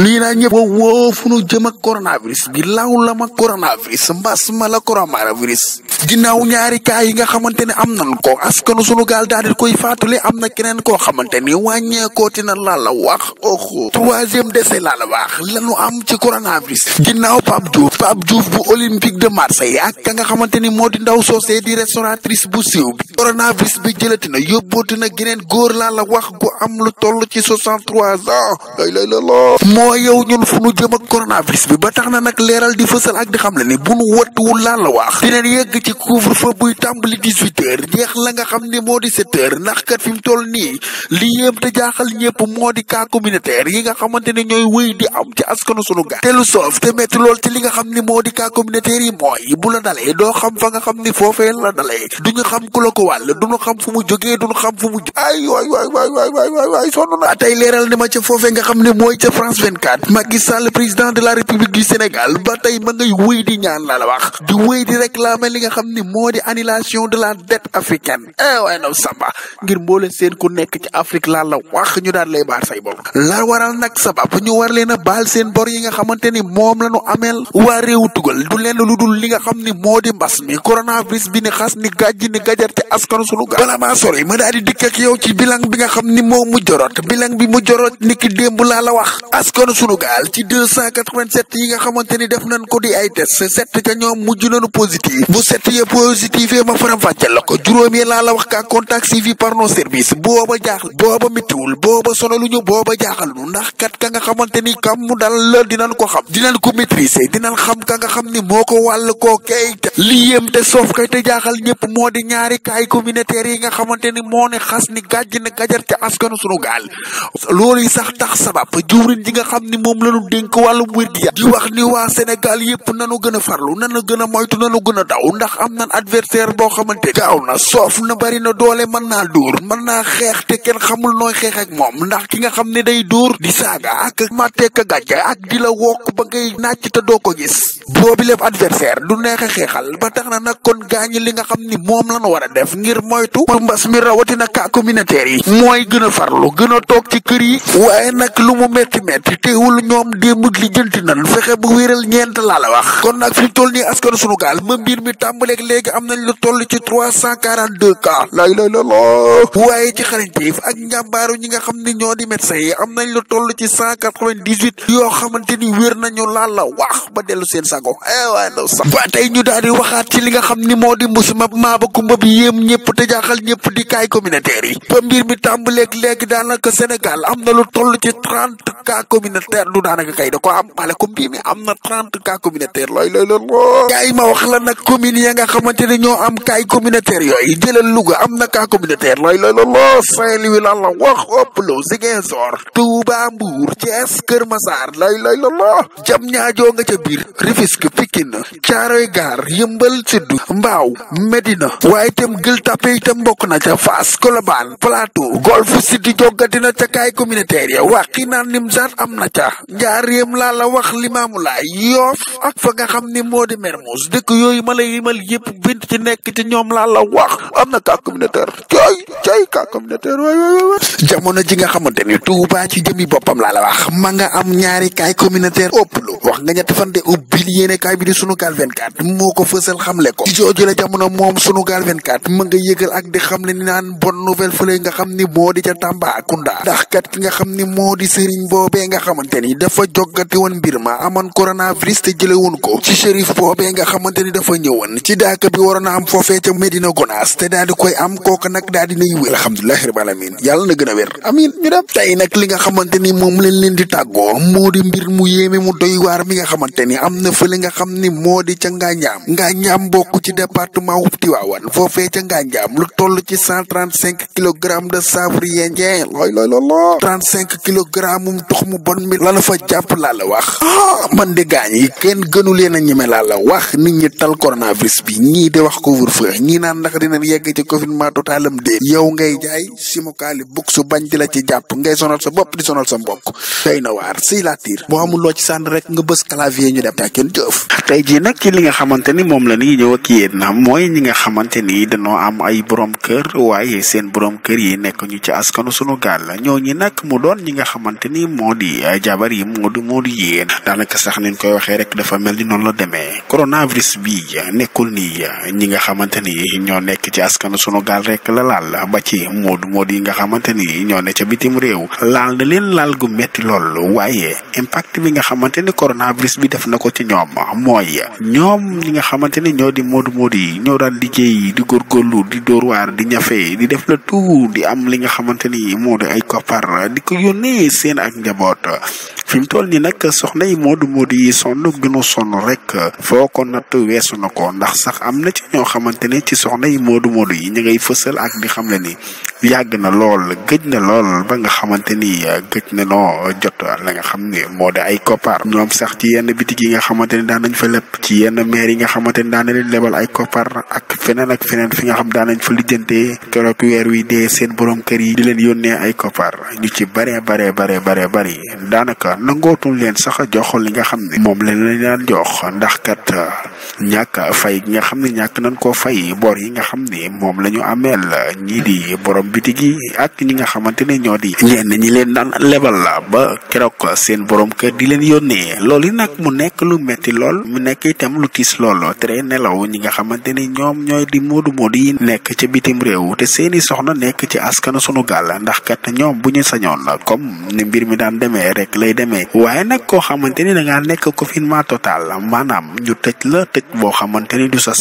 li naa ñëpp woo woo fu nu jëm ak coronavirus bi law la ma coronavirus mbas ma la coronavirus ginnaaw ñaari cas yi nga xamante ne am nan ko askanu sunu gaal daal koy faatule am na keneen koo xamante ni wàññeekooti na laa la wax oxo troisième décès laa la wax lanu am ci coronavirus ginnaaw Pape Diouf Pape Diouf bu Olympique de Marseille ak ka nga xamante ni moo di ndaw soosee di restauratrice bu siiw bi coronavirus bi jëlati na yóbbooti na geneen góor laa la wax gu am lu toll ci soixante-trois ans lay lay mooy yow ñun fu nu jëm ak coronavirus bi ba tax na nag leeral di fësal ak di xam ni la waax dinañ la moo di 7 heures ndax kat fi mu nii li yéem te jaaxal ñëpp moo di cas communautaire yi nga xamante ne ñooy wéy di am ci askanu sunu gaal te lu soof te metti lool ci li nga xam ne moo di cas communautaire yi mooy bu la dalee doo xam fa nga xam ni foofee la dalee duñu xam ku la ko wàll duñu xam fu mu jógee duñu xam fu mu ay waay waay waay waay waay waay leeral ni ma ca 2024 Macky Sall président de la république du Sénégal ba tey ma ngay wéy di ñaan la la wax di wéy di réclamer li nga xam ni moo di annulation de la dette africaine eh waaye naw ku nekk ci Afrique laa la wax ñu daal lay baar say bor la waral nag a baal seen bor nga xamante ni moom la ñu ameel waa réewu tugal du leen lu dul li nga xam ni moo di mbas mi coronavirus bi ni xas ni gàjj ni gajar ci askan sunu ga bala maa sori ma daal dikk yow ci bilang bi nga xam ni moo mu jorot bilang bi mu jorot niki démb laa la wax askan askanu sunu gaal ci 287 yi nga xamante ni def nañ ko di ay test set ca ñoom mujj nañu positif bu set ya positif ma faram fàcceel la ko juróom ya laa la wax ka contact suivi par nos services booba jaaxle booba méttiwul booba sonaluñu booba jaaxal ndax kat ka nga xamante ni kam mu dal la dinañ ko xam dinañ ko maîtriser dinañ xam ka nga xam ni moo ko wàll koo kay li yéem te soof kay te jaaxal ñëpp moo di ñaari kaay communautaire yi nga xamante ni moo ne xas ni gàjj na gajar ca askanu sunu xam ni moom la ñu dénk wàllum wér gi di wax ni waa Sénégal yëpp nanu gën a farlu nanu gën moytu nanu gën a daw ndax am nan adversaire boo xamante gaaw na soof na bari na doole mën naa dóor mën naa xeex te kenn xamul nooy xeex ak moom ndax ki nga xam ne day dóor di saaga ak màtteek a gàjja ak di la wokk ba ngay nàcc te doo ko gis boobi lépp adversaire du neex a xeexal ba tax na nag kon gaañi li nga xam ni moom la ñu war a def ngir moytu mbas mi rawatina cas communautaire yi mooy gën a farlu gën a toog ci kër yi waaye nag lu mu metti metti teewul ñoom démb lijjanti nan fexe bu wéral ñeent laa la wax kon nag fi toll nii askan sunu gaal ma mbir mi tàmbaleeg léegi am nañ lu toll ci trois ñi nga xam ne ñoo di médecin yi am na lu toll ci cent quatre vingt dix huit yoo xamante ni wér nañu laal la wax ba dellu seen sago eh waaye ndaw sax ba tey ñu daal di waxaat li nga xam ni moo di musuma maa ba kumba bi yéem ñëpp te ñëpp di kaay communautaire yi ba mbir mi tàmbaleeg léegi daanaka Sénégal am na lu toll ci trente cas communautaire communautaire du daanaka kay da koo am pale ko bii mi am na trente cas communautaire looy looy loolu kaay ma wax la nag commune ya nga xamante ne ñoo am kaay communautaire yooyu jëlal Louga am na cas communautaire looy lo loolu Saint-Louis lan la wax Oplo Ziguinchor Touba Mbour Thiès Kër Massar looy lo loolu jam ñaajoo nga ca biir Rufisque Pikine Thiaroye Gare Yeumbeul Sud Mbao Médina waaye itam Gueule Tapée itam bokk na ca Fass Colobane Plateau Golf Sud jogatina ca kaay communautaire ya waxi naan na ca njaareem laa la wax limaamu laay yoof ak fa nga xam ni moo di Mermoz dëkk yooyu ma la yimal yëpp bint ci nekk ci ñoom laa la wax am na cas communautaire cay cay cas communautaire waay waay waay jamono ji nga xamante ni Touba ci jëmi boppam laa la wax ma nga am ñaari cas communautaire ëpp lu wax nga ñett fan de ubbil yéene kaay bi di Sunugal 24 moo ko fësal xamle ko ci jooju la jamono moom Sunugal 24 ma nga yëgal ak di xamle ni naan bonne nouvelle fële nga xam ni moo di ca Tambacounda ndax ki nga xam ni moo di sëriñ boobee nga xamante ni dafa joggati woon mbir ma amoon coronavirus te jële woon ko ci shérif nga xamante ni dafa ñëwoon ci daaka bi a am foofee ca Medina Gonaas te daal di koy am kooku nag daal di nay wér alhamdulilahi rabbil alamin yàlla na gën a wér amin ñu dem tey nag li nga xamante ni moom leen leen di tàggoo moo di mbir mu yéeme mu doy waar mi nga xamante ni am na fële nga xam ni moo di ca Ngànjaam Ngànjaam bokk ci département wu Tivaouane foofee ca Ngànjaam lu toll ci cent trente cinq kilogramme de chanvre indien looy looy looloo trente cinq kilogramme um tox mu bon mi la la fa jàpp laa la wax ah man de gaañ yi kenn gënu leen a ñeme laa la wax nit ñi bi wax couvre-feu ñii naan yegg ci confinement total am déet yow ngay la ci jàpp ngay sonal sa bopp di sonal sa mbokk day na waar siy laa tiir loo ci sànn rek nga bës clavier ñu dem daa kenn jëf tey jii li nga xamante ni moom la ni ñëw ak yéen mooy ñi nga xamante ni dañoo am ay borom kër waaye seen borom kër yi nekk ñu ci askanu sunu gaal ñi nag mu doon ñi nga xamante ni moo di jabar yi moo di moo di yéen daanaka sax niñ koy waxee rek dafa mel ni noonu la demee coronavirus bi nekkul nii ñi nga xamante ñoo nekk ci ci askanu sunu gaal rek la laal ba ci moodu moodu yi nga xamante ni ñoo ne ca bitim réew laal na leen laal gu metti lool waaye impact bi nga xamante coronavirus bi def na ko ci ñoom mooy ñoom ñi nga xamante ni ñoo di moodu moodu yi ñoo daan liggéey di góorgóorlu di dóor waar di ñafe di def la tout di am li nga xamante ni moo di ay koppar di ko yónnee seen ak njaboot fi toll nii nag soxna yi moodu moodu yi sonn gënu sonn rek foo ko natt weesu na ko ndax sax am na ci ñoo xamante moodu moodu yi ñu ngay fësal ak di xam ne ni yàgg na lool gëj na lool ba nga xamante ni gëj na noo jot la nga xam ne moo di ay koppar ñoom sax ci yenn bitig yi nga xamante ni daan nañ fa lépp ci yenn maire yi nga xamante ni daan na leen lebal ay koppar ak feneen ak feneen fi nga xam daan nañ fa lijjantee keroog weer wi dee seen borom kër yi di leen yónnee ay koppar ñu ci bare bare bare bare bari daanaka nangootuñ leen sax a jox li nga xam ne moom leen lañ daan jox ndax kat ñàkk fay nga xam ni ñàkk nañ ko fay bor yi nga xam ne moom lañu ameel ñii di borom bitig yi ak ñi nga xamante ne ñoo di ñenn ñi leen daan lebal la ba keroog seen boroom kër di leen yónnee lool loolu nag mu nekk lu metti lool mu nekk itam lu tiis lool tere nelaw ñi nga xamante ne ñoom ñooy di moodu moodu yi nekk ca bitim réew te seeni soxna nekk ci askanu sunu gaal ndax kat ñoom bu ñu sañoon comme ne mbir mi daan demee rek lay demee waaye nag koo xamante ni da ngaa nekk confinement total maanaam ñu tëj la tëj boo xamante ni du sa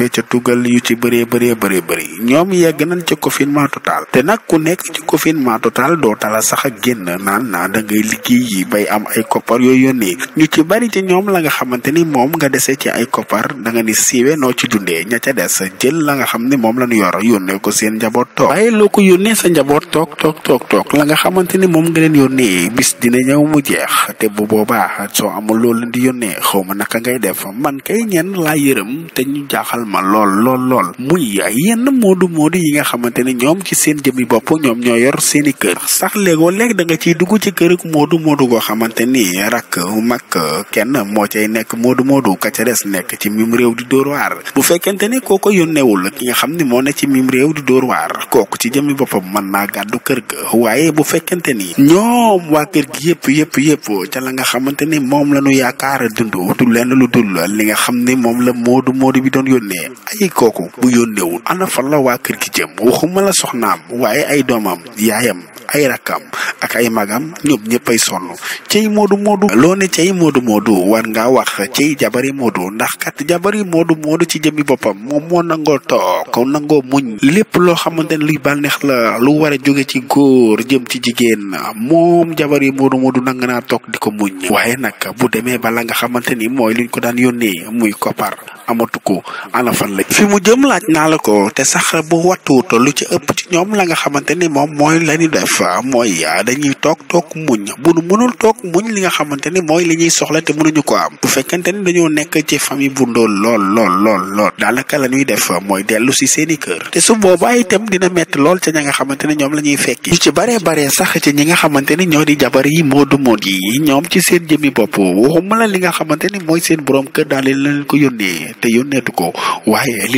foofee ca tugal yu ci bëree bëree bëree bëri ñoom yegg nañ ci confinement total te nag ku nekk ci confinement total doo tala sax a génn naan naa da ngay liggéey yi bay am ay koppar yooyu yónnee ñu ci bari ñoom la nga xamante ni moom nga dese ci ay koppar da nga siiwe noo ci dundee ña ca des jël la nga xam ne moom la ñu yor yónnee ko seen njaboot toog waaye loo ko yónnee sa njaboot toog toog toog la nga xamante ni moom nga leen yónnee bis dina ñëw mu jeex te bu boobaa soo amul loolu di yónnee xaw ma naka ngay def man kay ñenn laa yërëm te ñu jaaxal ma lool lool lool muy yenn moodu moodu yi nga xamante ne ñoom ci seen jëmmi bopp ñoom ñoo yor seen i kër sax léegoo léeg danga ciy dugg ci kër moodu moodu goo xamante ni rakk mag kenn moo cay nekk moodu moodu ka ca des nekk ci mim réew di dóor waar bu fekkente ne kooko yónneewul ki nga xam ne moo ne ci mim réew di dóor waar kooku ci jëmmi boppam man naa gàddu kër ga waaye bu fekkente ni ñoom waa kër gi yëpp yëpp yëpp ca la nga xamante ni moom la nu yaakaar a dund du lenn lu dul li nga xam ne moom la moodu moodu bi doon yónnee mais ay kooku bu yónneewul ana la waa kër gi jëm waxuma la soxnaam waaye ay doomam yaayam ay rakam ak ay magam ñëpp ñëppay sonn cey moodu moodu loo ne cey moodu moodu war ngaa wax cey jabari moodu ndax kat jabari moodu moodu ci jëmmi boppam moom moo nangoo toog ko nangoo muñ lépp loo xamante ne luy bànneex la lu war a jóge ci góor jëm ci jigéen moom jabari moodu moodu nang naa toog di ko muñ waaye nag bu demee bala nga xamante ni mooy liñ ko daan yónnee muy koppar amatu ko ana fan la fi mu jëm laaj naa la ko te sax bu wattuwuto lu ci ëpp ci ñoom la nga xamante ni moom mooy lañu def fa mooy dañuy toog toog muñ bu nu mënul toog muñ li nga xamante ni mooy li ñuy soxla te mënuñu ko am bu fekkente ni dañoo nekk ci famille bu ndóol lool lool lool lool daanaka la ñuy def mooy dellu si seeni kër te su boobaa itam dina metti lool ca ña nga xamante ni ñoom la ñuy fekki ñu ci baree baree sax ci ñi nga xamante ni ñoo di jabar yi du moo yi ñoom ci seen jëmmi bopp waxuma la li nga xamante ni mooy seen borom kër daal leen leen ko yónnee te yónneetu ko waaye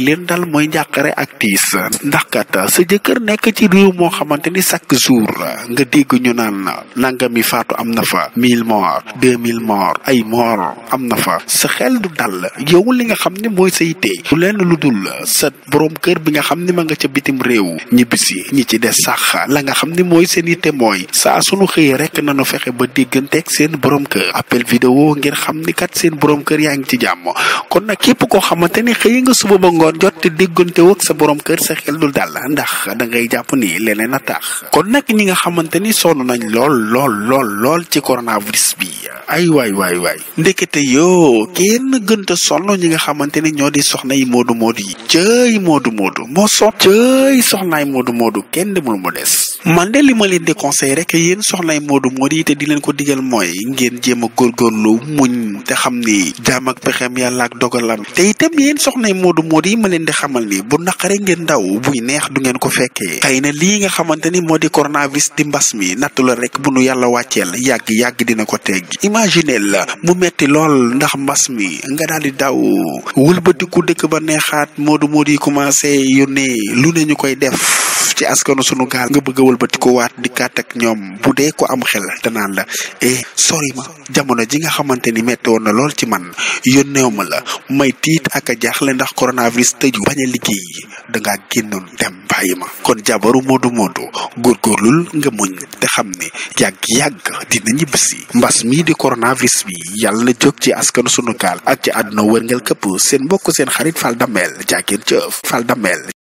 mooy njàqare ak tiis ndax kat sa jëkkër nekk ci réew moo xamante ni chaque jour la nga dégg ñu naan nangami faatu am na fa mille morts deux mille morts ay morts am na fa sa xel du dal yow li nga xam ne mooy say tey du lenn lu dul sa borom kër bi nga xam ne ma nga ca bitim réew ñibbisi ñi ci des sax la nga xam ni mooy seen yitte mooy saa sunu xëyee rek nañu fexe ba digganteeg seen borom kër appel vidéo ngir xam ni kat seen borom kër yaa ngi ci jàmm kon nag képp koo xamante ni xëy nga suba ba ngoon jot te déggante sa borom kër sa xel du dal ndax da ngay jàpp ni leneen a tax ñi nga xamante ni sonn nañu lool lool lool lool ci coronavirus bi ay waay waay waay ndekete yoo kenn gënta sonn ñi nga xamante ni ñoo di soxna yi moodu moodu yi cëy moodu moodu moo sonn cëy soxnaay moodu moodu kenn demul mu des man de li ma leen di conseil rek yéen soxnay Modou moodu yi te di leen ko digal mooy ngeen jéem a góorlu muñ te xam ni jaam ak pexem yàlla ak dogalam te itam yéen soxnay moodu Modou yi ma leen di xamal ni bu naqare ngeen daw buy neex du ngeen ko fekkee xëy na lii nga xamante ni moo di coronavirus di mbas mi natt la rek bu nu yàlla wàcceel yàgg yàgg dina ko teggi imagine la mu metti lool ndax mbas mi nga daal di daw wëlbatiku dëkk ba neexaat Modou moodu yi commencé yónnee lu ne ñu koy def ci askanu sunu wëlbatikuwaat di kàtt ñoom bu dee ko am xel te naan la eh sori ma jamono ji nga xamante ni metti woon na lool ci man yónneew ma la may tiit ak a jaaxle ndax coronavirus tëju bañ a liggéey dangaa génnoon dem bàyyi ma kon jabaru moodu moodu góorgóorlul nga muñ te xam ne yàgg-yàgg dina ñibbisi mbas mii di coronavirus bi yàlla na jóg ci askanu sunu gaal ak ci àdduna wërngel këpp seen mbokk seen xarit Fall Damel jàkkeen cëf Fall Damel